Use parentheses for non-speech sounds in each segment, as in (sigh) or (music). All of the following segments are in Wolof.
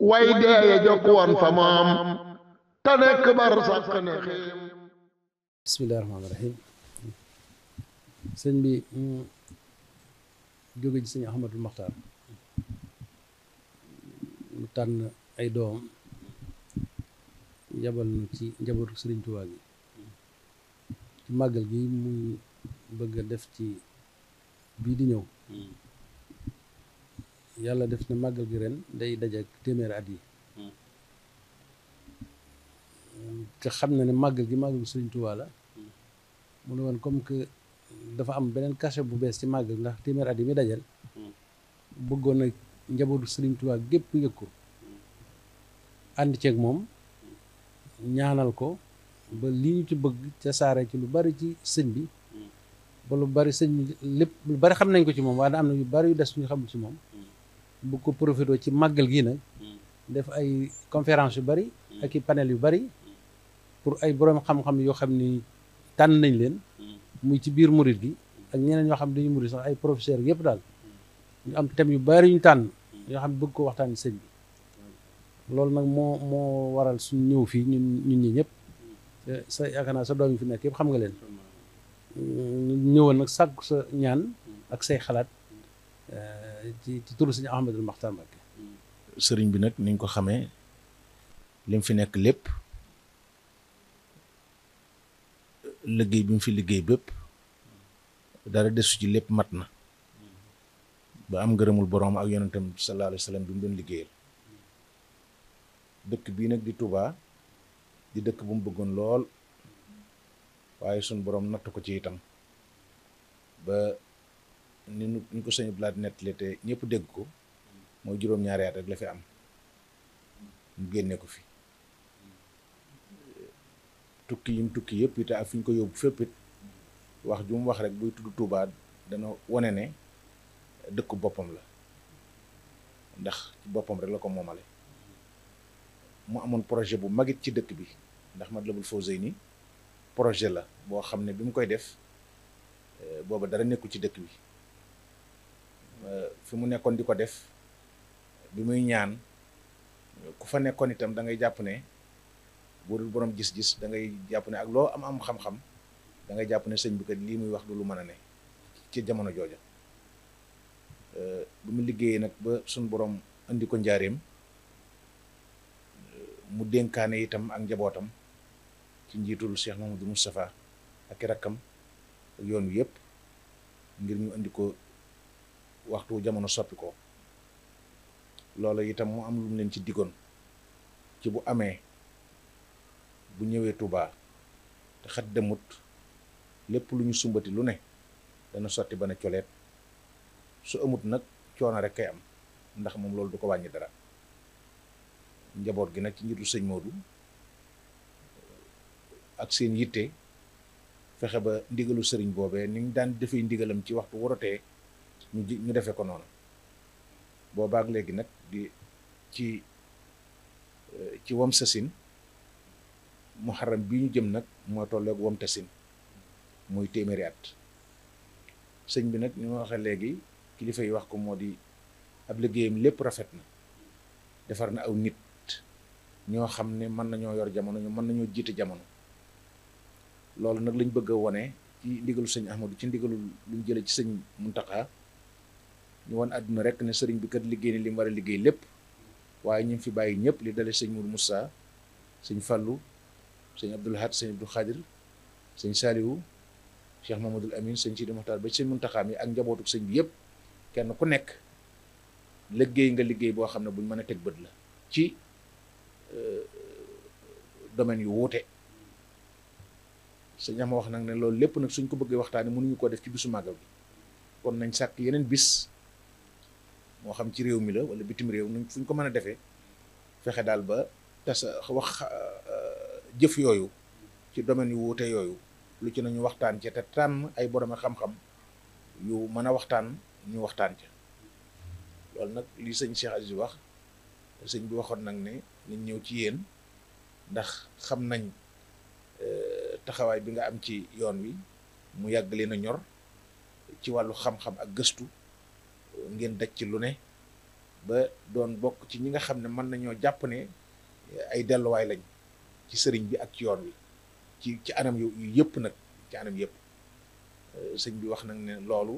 way deeye jokk woon fa moom te bar sàkk ne xiim bismillahi rahmaani rahim sëñ bi mm, jóge ci sëñ Ahmadul Maxtaar mu tànn ay doom yabal nu ci njabootu sëriñ Tuubaa yi ci màggal gi muy bëgg a def ci bii di ñëw mm. yàlla def na màggal gi ren day dajeek téeméeri at yi te xam na ne màggal gi màggal Sëriñ Tuubaa la mu ne woon comme que dafa am beneen cachet bu bees ci màggal ndax téeméeri at yi mi dajal bëggoon na njabootu Sëriñ Tuubaa gépp yëg ko ànd ceeg moom ñaanal ko ba li ñu ci bëgg ca saare ci lu bari ci sëñ bi ba lu bari sëñ bi lépp lu bari xam nañ ko ci moom waaye am na yu bari yu des ñu xamul ci moom bu ko profité ci màggal gi nag def ay conférence yu bari ak i panel yu bari pour ay borom xam-xam yoo xam ni tànn nañ leen muy ci biir murit gi ak ñeneen ñoo xam ne dañu murit sax ay professeur yëpp daal ñu am thème yu bari ñu tànn yoo xam ne bëgg ko waxtaan sëñ bi loolu nag moo moo waral suñ ñëw fii ñun ñun ñi ñëpp sa yaakaar naa sa doom yi fi nekk yëpp xam nga leen ñëwoon nag sàkku sa ñaan ak say xalaat ci ci turu sëñ sëriñ bi nag niñ ko xamee lim fi nekk lépp liggéey bi mu fi liggéey bépp dara desu ci lépp mat na ba am ngërëmul boroom ak yonentam sallallahu alayhi wa sallam bi mu doon liggéeyal dëkk bii nag di Touba di dëkk bu mu bëggoon lool waaye suñ boroom natt ko ci itam ba ni ñu ko sëñ Blaat nettali te ñëpp dégg ko mooy juróom-ñaari rek la fi am mu génne ko fi tukki yim tukki yëpp it ak fi ñu ko yóbbu fépp it wax ju wax rek buy tudd Touba dana wane ne dëkku boppam la ndax boppam rek la ko moomale mu amoon projet bu magit ci dëkk bi ndax Matlabul Fawzayni projet la boo xam ne bi mu koy def eh, booba dara nekkul ci dëkk bi Euh, fi mu nekkoon di ko def bi muy ñaan ku fa nekkoon itam da ngay jàpp ne boo dul borom gis-gis da ngay jàpp ne ak loo am am xam-xam da ngay jàpp ne sëñ bi lii muy wax du lu mën a ne ci jamono jooja euh, bi mu liggéeyee nag ba suñ boroom indi ko njaareem mu dénkaane itam ak njabootam ci njiitul Cheikh Mamadou Moustapha ak i rakkam ak yoon wi ngir ñu indi ko waxtu jamono soppi ko loolu itam mu am lu mu leen ci diggoon ci bu amee bu ñëwee tubaa te xat demut lépp lu ñu sumbati lu ne dana sotti ba ne coleet su amut nag coono rek kay am ndax moom loolu du ko wàññi dara njaboot gi nag ci njiitu sëñ Modou ak seen yitte fexe ba ndigalu sëriñ boobee ni ñu daan defee ndigalam ci waxtu worotee ñu ñu defee ko noonu boobaak léegi nag di ci eh, ci wam mu muharram bi ñu jëm nag moo tolloog wam tasin muy téeméeri at sëñ bi nag ñu ma waxee léegi kilifa yi wax ko moo di ab liggéeyam lépp rafet na defar na aw nit ñoo xam ne mën nañoo yor jamono ñu mën nañoo jiite jamono loolu nag lañ bëgg a wone ci ndigalu sëñ Ahmadu ci ndigalu luñ jële ci sëñ Muntaxa ñu wan àdduna rek ne sëriñ bi kat liggéey ne li mu war a liggéey lépp waaye ñu fi bàyyi ñëpp li dale sëñ Mourou Moussa sëñ Fallou sëñ Abdoul Had sëñ Abdoul Khadir sëñ Saliou Cheikh Mamadou Amine sëñ Sidi Mokhtar ba sëñ Muntaxa mi ak njabootuk sëñ bi yëpp kenn ku nekk liggéey nga liggéey boo xam ne buñ mën a teg bët la ci euh, domaine yu wuute sëñ ama wax nag ne loolu lépp nag suñ ko bëggee waxtaanee mënuñu koo def ci bisu màggal bi kon nañ sàkk yeneen bis moo xam ci réew mi la wala bitim réew nuñ fuñ ko mën a defee fexe daal ba tasa wax euh, jëf yooyu ci domaine yu wuute yooyu lu ci nañu waxtaan ci te tànn ay borom xam-xam yu mën a waxtaan ñu waxtaan ca loolu nag li sëñ Cheikh Aziz wax sëñ bi waxoon nag ne nañ ñëw ci yéen ndax xam nañ euh, taxawaay bi nga am ci yoon wi mu yàgg leen a ñor ci wàllu xam-xam ak gëstu ngeen daj ci lu ne ba doon bokk ci ñi nga xam ne mën nañoo jàpp ne ay delluwaay lañ ci sëriñ bi ak ci yoon wi ci ci anam yu yëpp nag ci anam yëpp euh, sëñ bi wax nag ne loolu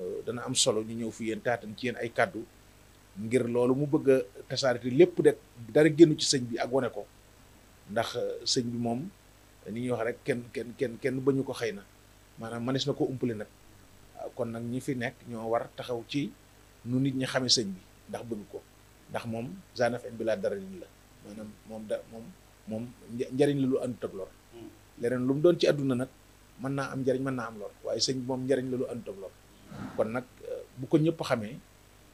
euh, dana am solo ñu ñëw fi yéen taatan ci yéen ay kàddu ngir loolu mu bëgg a tasaare lépp de dara génnu ci sëñ bi ak wane ko ndax euh, sëñ bi moom ni ñuy wax rek kenn kenn kenn kenn bañu ko xëy na maanaam mënees na ko umpale nag. kon nag ñi fi nekk ñoo war taxaw ci nu nit ñi xame sëñ bi ndax bëgg ko ndax moom zanaf en bi laa dara lin la maanaam moom da moom moom njariñ la lu àndut ak lor hmm. lu mu doon ci àdduna nag mën naa am njariñ mën naa am waaye sëñ bi moom njariñ la kon nag eh, bu ko ñëpp xamee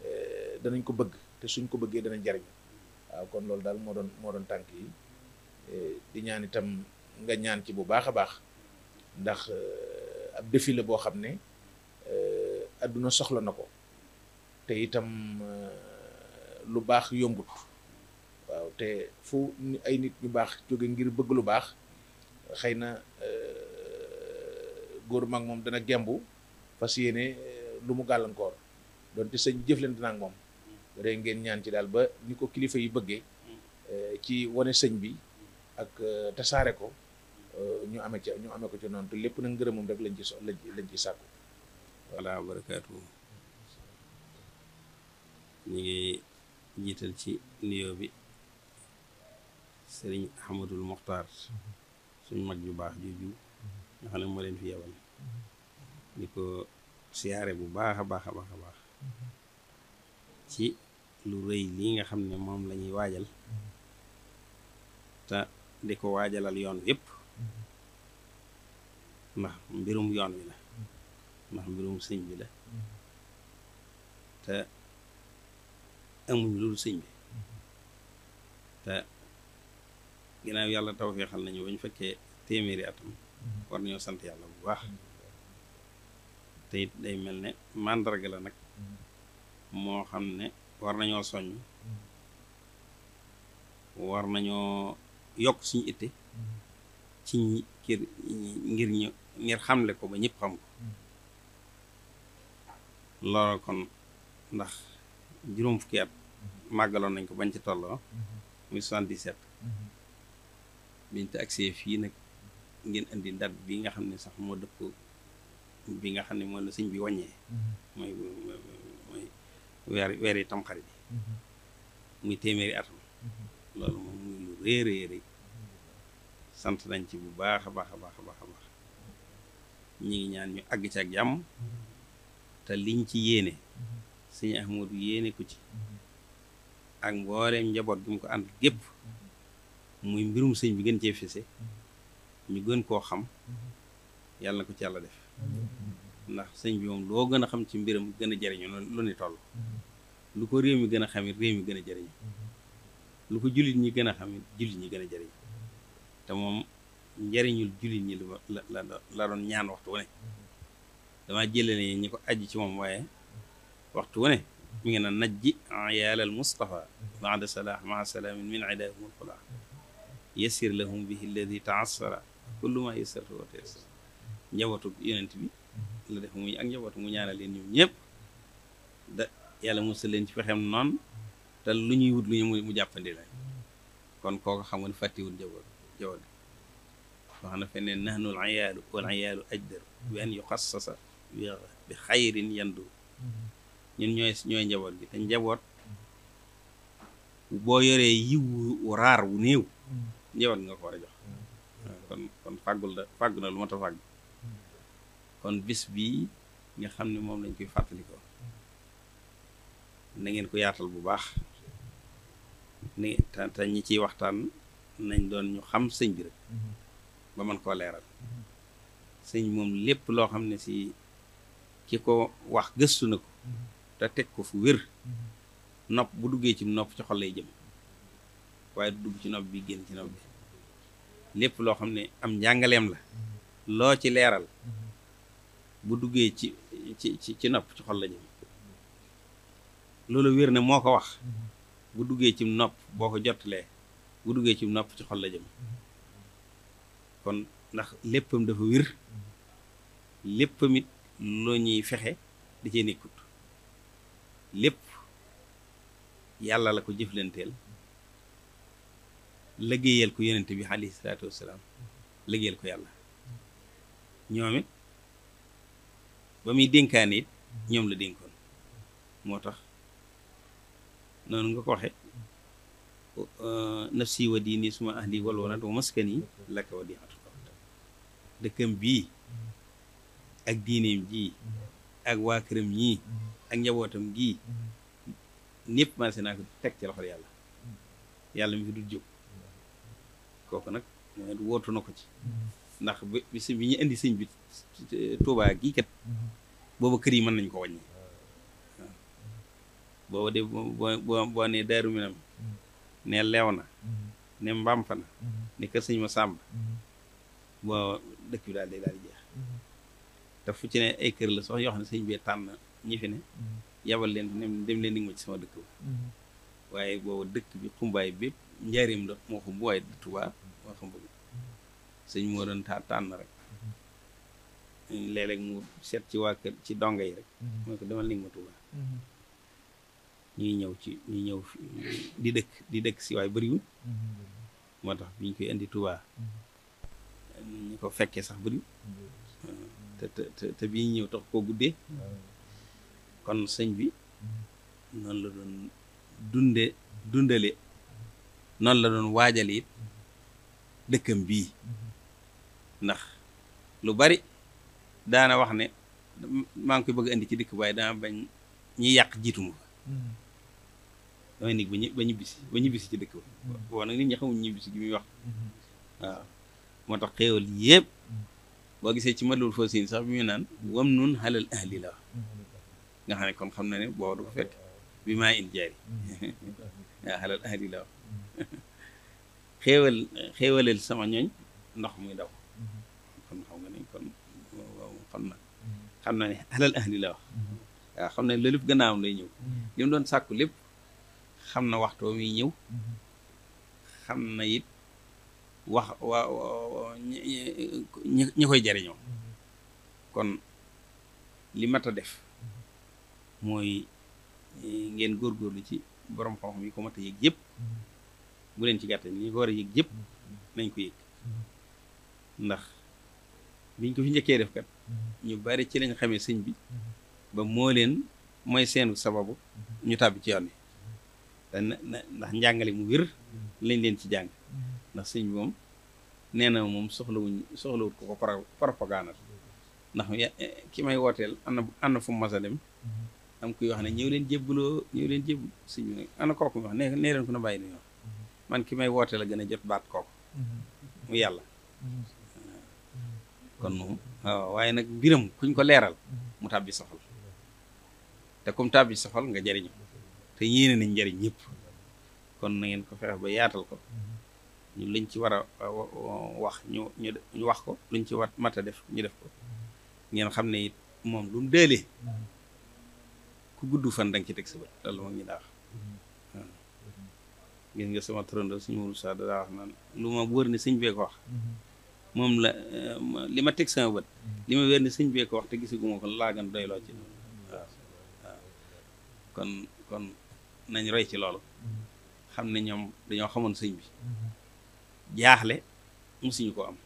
eh, danañ ko bëgg te suñ ko bëggee dana njariñ waaw kon loolu daal moo doon moo doon tànk yi eh, di ñaan itam nga ñaan ci bu baax a baax ndax ab défi la boo xam ne adduna soxla na ko te itam eh, lu baax yombut waaw te fu ay nit ñu baax jóge ngir bëgg lu baax xëy na eh, góor mag moom dana gembu fas yéene eh, lu mu gàllankoor donte sëñ jëflante naa ak moom rek ngeen ñaan ci daal ba ni ko kilifa yi bëggee ci wane sëñ bi ak tasaare ko ñu amee ca ñu amee ko ci noonu te lépp na ngërëmam rek lañ ci so lañ ci sàkku wala barakaatu ñu ngi jiital ci nuyoo bi sëriñ Ahmadul Moxtaar suñ mag ju baax ju nga xam ne moo leen fi yebal di ko siyaare bu baax a baax a baax a baax ci lu rëy lii nga xam ne moom lañuy waajal te di ko waajalal yoon wi yëpp ndax mbirum yoon wi la ndax mbirum sëñ bi la mm-hmm. te amuñ loolu sëñ bi mm-hmm. te ginnaaw yàlla taw feexal nañu ba ñu fekkee téeméeri atam mm-hmm. war nañoo sant yàlla bu baax te it day mel ne màndarga la nag moo xam ne war nañoo soññ war nañoo yokk suñu itte ci ñi ngir ñu ngir xamle ko ba ñëpp xam ko loola kon ndax juróom fukki at màggaloon nañ ko bañ ci tolloo muy 77 biñ te fii nag ngeen indi date bi nga xam ne sax moo dëpp bi nga xam ne mooy la sëñ bi wàññee mooy mooy weer weer yi tamxarit yi muy téeméeri atam loolu moom muy lu réeréer yi sant nañ ci bu baax a baax a baax a baax a baax ñi ngi ñaan ñu àgg ci ak jàmm te liñ ci yéene mm-hmm. sëñ Ahmadu yéene ko ci mm-hmm. ak mbooleem njaboot gi mu ko ànd gépp mm-hmm. muy mbirum sëñ bi gën cee fese ñu gën koo xam yàlla na ko ci yàlla def ndax sëñ bi moom loo gën a xam ci mbiram gën a jariñu lu ni toll lu ko réew mi gën a xamit réew mi gën a jariñu lu ko jullit ñi gën a xamit jullit ñi gën a jariñu te moom njariñul jullit ñi la la doon ñaan waxtu wu damaa jëlale ñi ko aji ci moom waaye waxtu wu ne mi ngi naan najji ayaalal Mustafa baada salah maa salaamin min idaahum alxula yasir lahum bihi bi la def muy ak njabootu mu ñaanal leen ñëpp da yàlla musal leen ci fexem noonu lu ñuy wut lu ñu mu jàppandi la kon kooku xam nga ne fàttiwul njaboot njaboot wax feneen nahnu ayaalu wal ayaalu ajdaru bi an bi xayrin yandu mm-hmm. ñun ñooy ñooy njaboot gi te njaboot boo yoree yiw wu raar wu néew mm-hmm. njaboot nga ko war a mm-hmm. kon fàggul da fàggu na lu mat a fàgg kon bis bii nga xam ne moom lañ koy fàttalikoo na ngeen ko yaatal bu baax ni te ñi ciy waxtaan nañ doon ñu xam sëñ bi rek ba mën koo leeral sëñ moom lépp loo xam ne si ki ko wax gëstu na ko mm-hmm. te teg ko fu wér mm-hmm. nopp bu duggee ci nopp ci xol jëm waaye dugg ci nopp bi génn ci bi lépp loo xam ne am njàngaleem la mm-hmm. loo ci leeral bu duggee ci ci ci nopp ci xol la jëm loolu wér ne moo ko wax bu duggee ci nopp boo ko jotlee bu duggee ci nopp ci xol la jëm kon ndax léppam dafa wér léppam loo ñuy fexe da cee lépp yàlla la ko jëflanteel liggéeyal ko yonent bi alayhi salaatu wasalaam liggéeyal ko yàlla ñoom ba muy dénkaane ñoom la dénkoon moo tax noonu nga ko waxe nafsi wa diini suma ahli wal walad wa maskani laka wa diatu dëkkam bii ak diineem jii ak waa këram ñii ak njabootam gii ñëpp maase naa ko teg ci loxol yàlla yàlla mu fi dul jóg kooku nag wootu na ko ci ndax bi si bi ñu indi sëñ bi Tuubaa gii kat booba kër yi mën nañ ko wàññi booba de boo boo ne daaru minam ne leew na ne mbàmpa na ne kër sëñ ma sàmm boo dëkk bi daal day daal jeex daf fu ci ne ay kër la sax yoo xam ne sëñ bi tànn ñi fi ne mm-hmm. yabal leen dem leen ni ma ci sama dëkk ba mm-hmm. waaye boobu dëkk bi xumbaay bépp njaarim la moo xam bu waaye Tuubaa moo xam mm-hmm. bëgg sëñ moo doon taa tànn rek mm, léeg mu set ci waa kër ci donga yi rek mooy ko ñëw ci ñuy ñëw di dëkk di dëkk moo tax bi ñu koy indi Tuubaa ñu ko fekkee sax bëriwul mm. te te te bii ñëw tax koo guddee kon sëñ bi noon la doon dunde dundale noonu la doon waajale dëkkam bii ndax lu bari daana wax ne maa ngi koy bëgg indi ci dëkk waaye dama bañ ñi yàq jiituma fa damay nekk ba ñu ba ñu ci dëkk ba boo nag nit ñi xamuñ gi muy wax waaw moo tax xéewal yépp boo gisee ci madul foo siin sax bi muy naan wam nun xalal ahli la nga xam ne kon xam na ne boo du ko fekk bi maa in jaari waaw (laughs) xalal ahli la (laughs) ndox muy daw kon xam na xam na ne alal ahli la wax waaw xam ne loolu gannaawam lay ñëw li doon sàkku lépp xam na waxtoo mi ñëw xam na it wax waa ñi ñi koy jariñoo kon li mat def mooy e, ngeen góorlu ci borom xam-xam yi ko mat yëg yëpp bu leen ci gàttal ñi ko war a yëg yëpp nañ ko yëg ndax biñ ko fi njëkkee def ñu bari ci lañ xame sëñ bi ba moo leen mooy seenu sababu ñu tàbbi ci yoon wi ndax njàngale mu wér lañ leen ci jàng ndax sëñ bi moom nee na moom soxlawuñ soxlawut ko ko propagande ndax eh, ki may wooteel am na am fu mu mas a dem mm-hmm. am kuy wax ne ñëw leen jébbaloo ñëw leen jébb sëñ bi am na kooku wax ne ku na bàyyi ni wax mm-hmm. man ki may wooteel a gën a jot baat kooku mm-hmm. mu yàlla kon moom waaw waaye nag mbiram kuñ ko leeral mu tàbbi soxal te comme tàbbi soxal nga jariñu te yéene nañ njariñ ñëpp kon na ngeen ko fexe ba yaatal ko ñu liñ ci war a wax ñu wax ko luñ ci war mat def ñu def ko ngeen xam ne moom lu mu ku gudd fan da nga ci teg sa bët loolu moom ñu sama turando suñu wul sa lu ma wër ne sëñ bee wax moom la li ma teg sama bët li ma wér ne sëñ bee wax te gisaguma ko laagan doy loo ci waaw waaw kon kon nañ roy ci loolu xam ne ñoom dañoo xamoon sëñ bi jaaxle musuñu ko am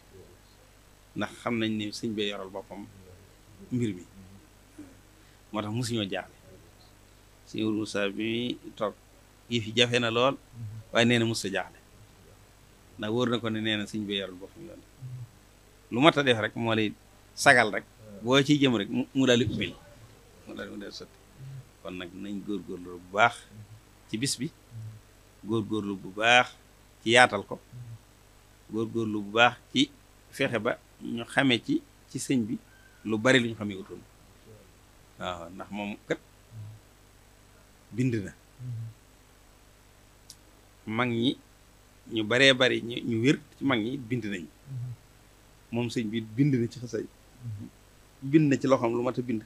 ndax xam nañ ne sëñ bee yoral boppam mbir mi moo tax musuñoo jaaxle sëñ Moussa bi toog yëf yi jafe na lool waaye nee na musta jaaxle ndax wóor na ko ne nee na sëñ bee yoral boppam yoon lu mat a def rek moo lay sagal rek boo ciy jëm rek mu daal di ubbil mu daal mu sotti kon nag nañ góorgóorlu bu baax ci bis bi góorgóorlu bu baax ci yaatal ko góor góorgóorlu bu baax ci fexe ba ñu xamee ci ci sëñ bi lu bari luñ ñu xamee utoon waaw ndax moom kat bind na mag ñi ñu baree bari ñu wér ci mag ñi bind nañ moom sëñ bi bind na ci xasay bind na ci loxoom lu mat a bind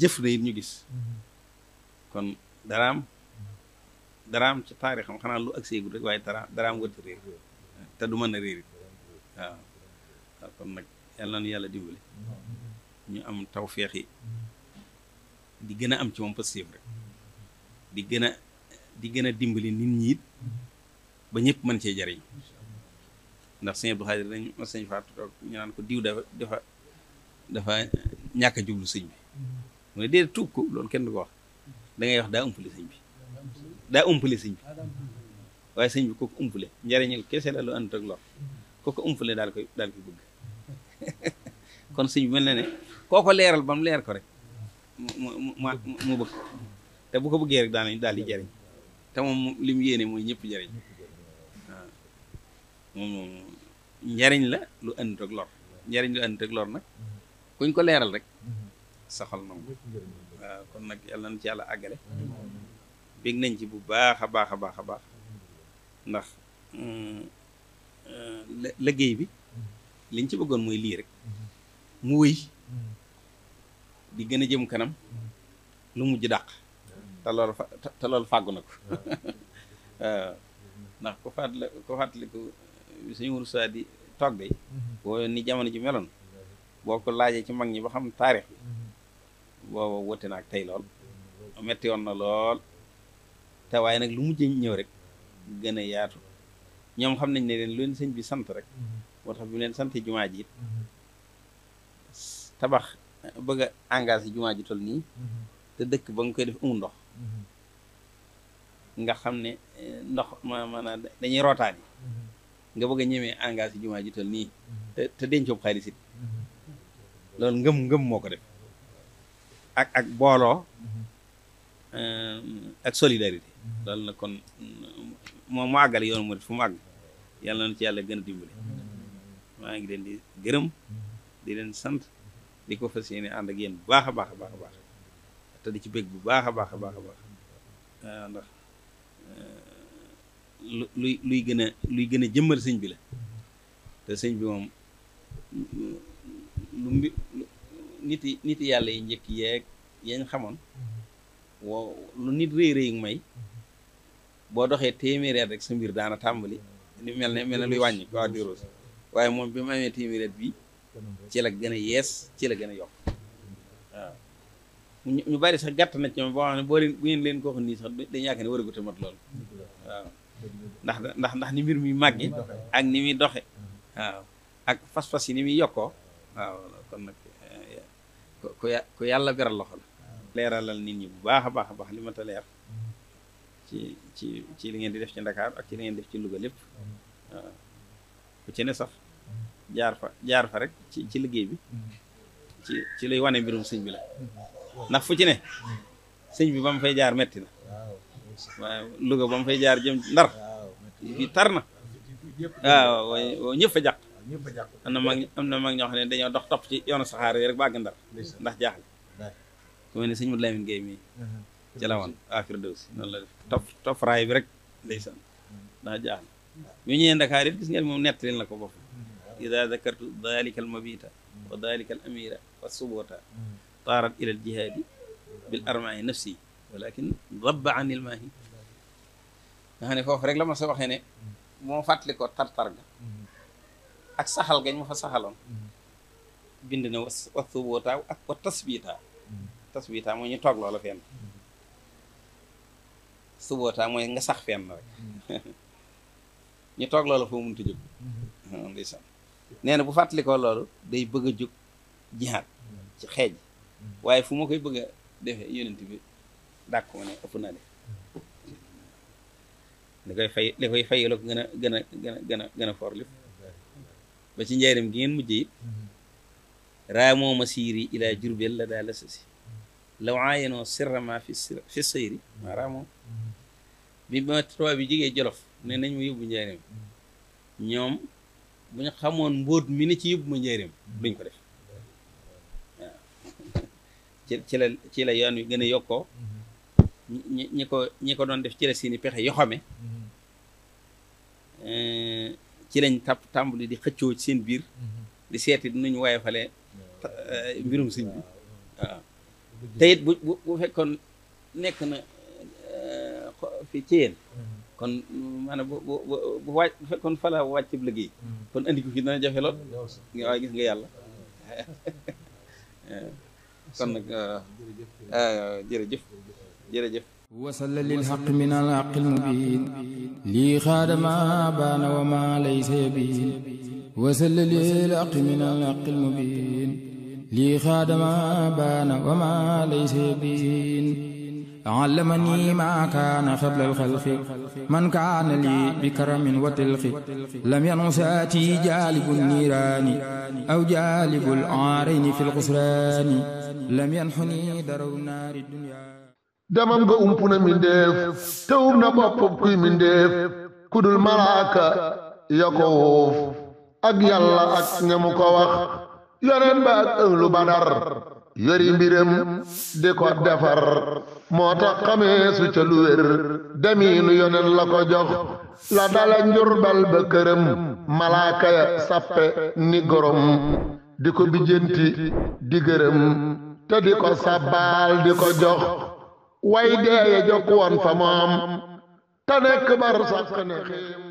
jëf na it ñu gis kon daraam dara am ci taarixam xanaa lu agseegul rek waaye dara dara am wërta réer te du mën a réer it waaw waaw kon nag yàlla na nu yàlla dimbali ñu am tawféex yi di gën a am ci moom positif rek di gën a di gën a dimbali nit ñi it ba ñëpp mën cee jariñ ndax sëñ Abdou Xaadir dañ ma sëñ Faatu toog ñu naan ko diw dafa dafa dafa ñàkk jublu sëñ bi mu ne dee tuub ko loolu kenn du ko wax da wax daa umpali sëñ bi daa umpale sëñ bi waaye sëñ bi kooku umpale njariñal kese la lu ànd ak lor kooku umpale daal koy daal koy bëgg (laughs) kon sëñ bi mel na ne koo ko leeral bam leer ko rek mu mu bëgg te bu ko bëggee rek daal daal di jariñ te moom li mu yéene mooy ñëpp jariñ njariñ la lu ànd ak lor njariñ lu ànd ak nag kuñ ko leeral rek saxal na waaw kon nag yàlla na ci yàlla àggale bég nañ ci bu baax a baax a baax a baax ndax euh, liggéey bi liñ ci bëggoon mooy lii rek mu wéy di gën a jëm kanam lu mujj dàq te loolu fa te fàggu na ko (laughs) ndax ku fàttali ku fàttaliku suñu wursaa di toog de boo ni jamono ji meloon boo ko laajee ci mag ñi ba xam taarix bi booba wute naag tey lool metti woon na lool te waaye nag lu mujj ñëw rek gën a yaatu ñoom xam nañ ne leen lu leen bi sant rek mm-hmm. moo tax bi mu leen sant jumaa ji mm-hmm. tabax bëgg a engagé jumaa ji nii mm-hmm. te dëkk ba nga koy def amul ndox nga xam ne eh, ndox ma maanaam dañuy rootaan nga bëgg a ñemee jumaa ji nii te te dencoob xaalis loolu ngëm ngëm moo ko def ak ak booloo ehm, ak solidarité loolu na kon mm, moom mu àggale yoonu murit fu mu àgg yàlla na ci yàlla gën a dimbali maa ngi leen di gërëm di leen sant di ko fa yéene ànd ak yéen bu baax a baax a baax a baax te di ci bëgg bu baax a baax a baax a baax ndax eh, lu luy luy gën a luy gën a jëmmal sëñ bi la te sëñ bi moom lu mbi nit nit yàlla yi njëkk yeeg yañ xamoon woo lu nit rëy rëy may boo doxee téeméeri rek sa mbir daana tàmbali li mel na mel ne luy wàññi quoi di waaye moom bi mu amee téeméeri at ci la gën a yees ci la gën a yokk waaw ñu bari sax gàtt na ci moom boo xam ne boo leen bu ngeen leen ko wax nii sax dañu yaakaar ne war a guta mat loolu ndax ndax ndax ni mbir muy màgge ak ni muy doxe waaw ak fas-fas yi ni muy yokko waaw kon nag eh, ku ku yàlla beral loxo la leeralal nit ñi bu baax a baax a baax li ma leer ci ci li ngeen di def ci Ndakaar ak ci li ngeen def ci luga lépp mm-hmm. ku ne sax mm-hmm. jaar fa jaar fa rek ci ci liggéey bi mm-hmm. ci ci lay wane mbirum sëñ bi la ndax fu ci ne sëñ bi ba mu fay jaar metti na waaw ba mu fay jaar jëm Ndar bi tar na waaw ñëpp fa jàq am na mag am na mag ñoo xam ne dañoo dox topp ci yoonu saxaar yi rek bàgg Ndar ndax jaaxle ku mel ne sëñ Mouhamadou Lamine Gueye mii ci la woon affaire dëw si noonu la def tof tofraay bi rek ndeysaan daa jaaxal moom nettali na ko bopp mm-hmm. ida dakartu dalika al wa dalika al wa subota mm-hmm. taarat ila al jihaadi bil nafsi walakin dabba rek la ma sa waxee mm-hmm. moo fàttali ko tartar ga ak saxal gañ ma fa saxaloon bind na wa subota wa tasbita tasbita moo ñu toog loola fenn subootaa mooy nga sax fenn rek ñu toog loolu foo mënut a jóg ndeysaan nee na bu fàttalikoo loolu day bëgg a jóg jihaat ci xeej waaye fu ma koy bëgg a defee yonent bi dàkk ma ne ëpp na de li koy fay li gën a gën a a gën a ba ci njaarim gi ngeen mujj it raamoo ma siiri ilaa jurbel la daal la sasi law aayenoo sirra ma fi sir fi raamoo bi ma tubaab bi jigee jolof ne nañ ma yóbbu njaareem ñoom bu ñu xamoon mbóot mi ni ci yóbbu ma njaareem duñ ko def waaw ci la ci la yoon wi gën a yokkoo ñi ko ñi ko doon def ci la seeni pexe yoo xame ci lañ tàpp tàmbali di xëccoo ci seen biir di seeti dinañu waaye fale mbirum sëñ bi waaw te bu bu fekkoon nekk na fi Thiène mm-hmm. kon maanaam bu bu bu wàcc kon fala wàccib liggéey mm-hmm. kon andi ko fi dana jafe lool waaye gis nga yàlla (laughs) (laughs) kon nag jërëjëf euh, euh, jërëjëf wasal lilxaq min alxaq almubin lii xaadama baana wa ma laysa yabin wasal lilxaq min alxaq almubin lii xaadama baana wa ma laysa yabin علمني ما كان قبل الخلق من كان لي بكرم وتلق لم ينساتي جالب النيران أو جالب العارين في القسران لم ينحني درو نار الدنيا damam nga umpu na mindeef te um na boppub kuy mindeef ku dul malaaka ya ko wuuf ak yàlla ak ñamu ko wax yoneen ba ak ënglu badar yori mbiram di ko defar moo tax xamee su ca lu wér demiinu yonen la ko jox la dala njurbal ba këram malaaka sappe ni gorom di ko bijjanti di gërëm te di ko sabbaal di ko jox way deeye jokk woon fa moom te nekk bar sàkk ne